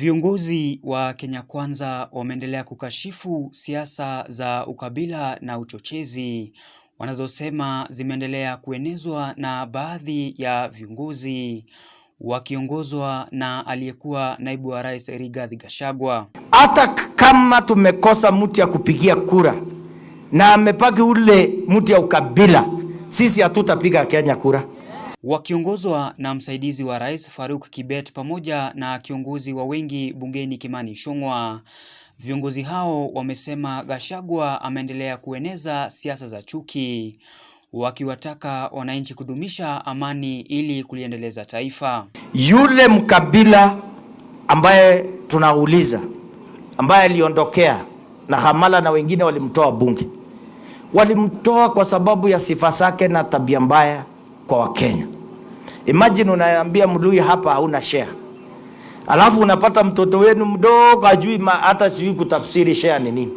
Viongozi wa Kenya Kwanza wameendelea kukashifu siasa za ukabila na uchochezi wanazosema zimeendelea kuenezwa na baadhi ya viongozi wakiongozwa na aliyekuwa naibu wa rais Rigathi Gachagua. Hata kama tumekosa mti ya kupigia kura na amepaki ule mti ya ukabila, sisi hatutapiga Kenya kura. Wakiongozwa na msaidizi wa rais Faruk Kibet pamoja na kiongozi wa wengi bungeni Kimani Ichung'wa. Viongozi hao wamesema Gachagua ameendelea kueneza siasa za chuki, wakiwataka wananchi kudumisha amani ili kuliendeleza taifa. Yule mkabila ambaye tunauliza ambaye aliondokea na Hamala na wengine walimtoa bunge, walimtoa kwa sababu ya sifa zake na tabia mbaya kwa Wakenya. Imagine unaambia mdui hapa hauna share. Alafu unapata mtoto wenu mdogo ajui hata sijui kutafsiri share ni nini.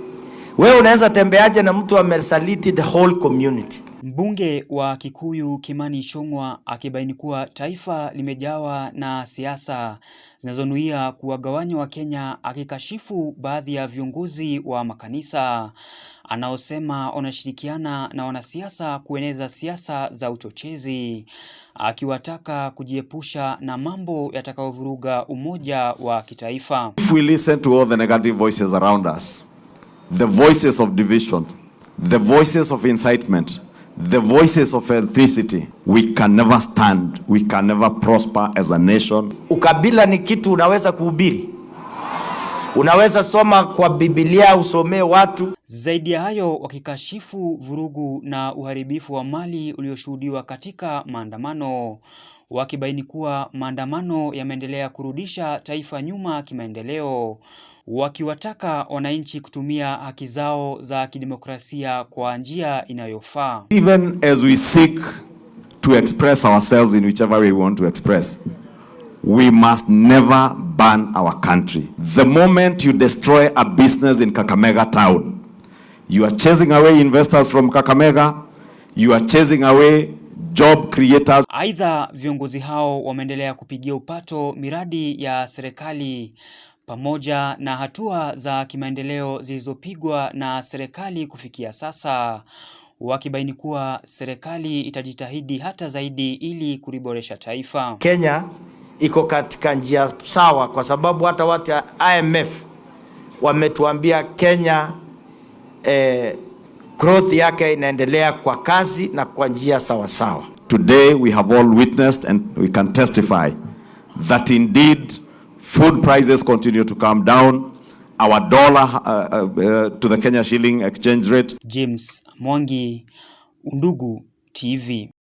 Wewe unaweza tembeaje na mtu amesaliti the whole community? Mbunge wa Kikuyu Kimani Ichung'wa akibaini kuwa taifa limejawa na siasa zinazonuia kuwagawanya Wakenya akikashifu baadhi ya viongozi wa makanisa anaosema wanashirikiana na wanasiasa kueneza siasa za uchochezi, akiwataka kujiepusha na mambo yatakayovuruga umoja wa kitaifa. If we listen to all the negative voices around us, the voices of division, the voices of incitement the voices of ethnicity we can never stand we can never prosper as a nation. Ukabila ni kitu unaweza kuhubiri, unaweza soma kwa Biblia, usomee watu. Zaidi ya hayo, wakikashifu vurugu na uharibifu wa mali ulioshuhudiwa katika maandamano, wakibaini kuwa maandamano yameendelea kurudisha taifa nyuma kimaendeleo, wakiwataka wananchi kutumia haki zao za kidemokrasia kwa njia inayofaa. Even as we seek to express ourselves in whichever way we want to express, we must never burn our country. The moment you destroy a business in Kakamega town, you are chasing away investors from Kakamega, you are chasing away job creators. Aidha, viongozi hao wameendelea kupigia upato miradi ya serikali pamoja na hatua za kimaendeleo zilizopigwa na serikali kufikia sasa, wakibaini kuwa serikali itajitahidi hata zaidi ili kuliboresha taifa. Kenya iko katika njia sawa, kwa sababu hata watu IMF wametuambia Kenya eh, growth yake inaendelea kwa kazi na kwa njia sawasawa. Today we have all witnessed and we can testify that indeed food prices continue to come down our dollar uh, uh, uh to the Kenya shilling exchange rate. James Mwangi, Undugu TV.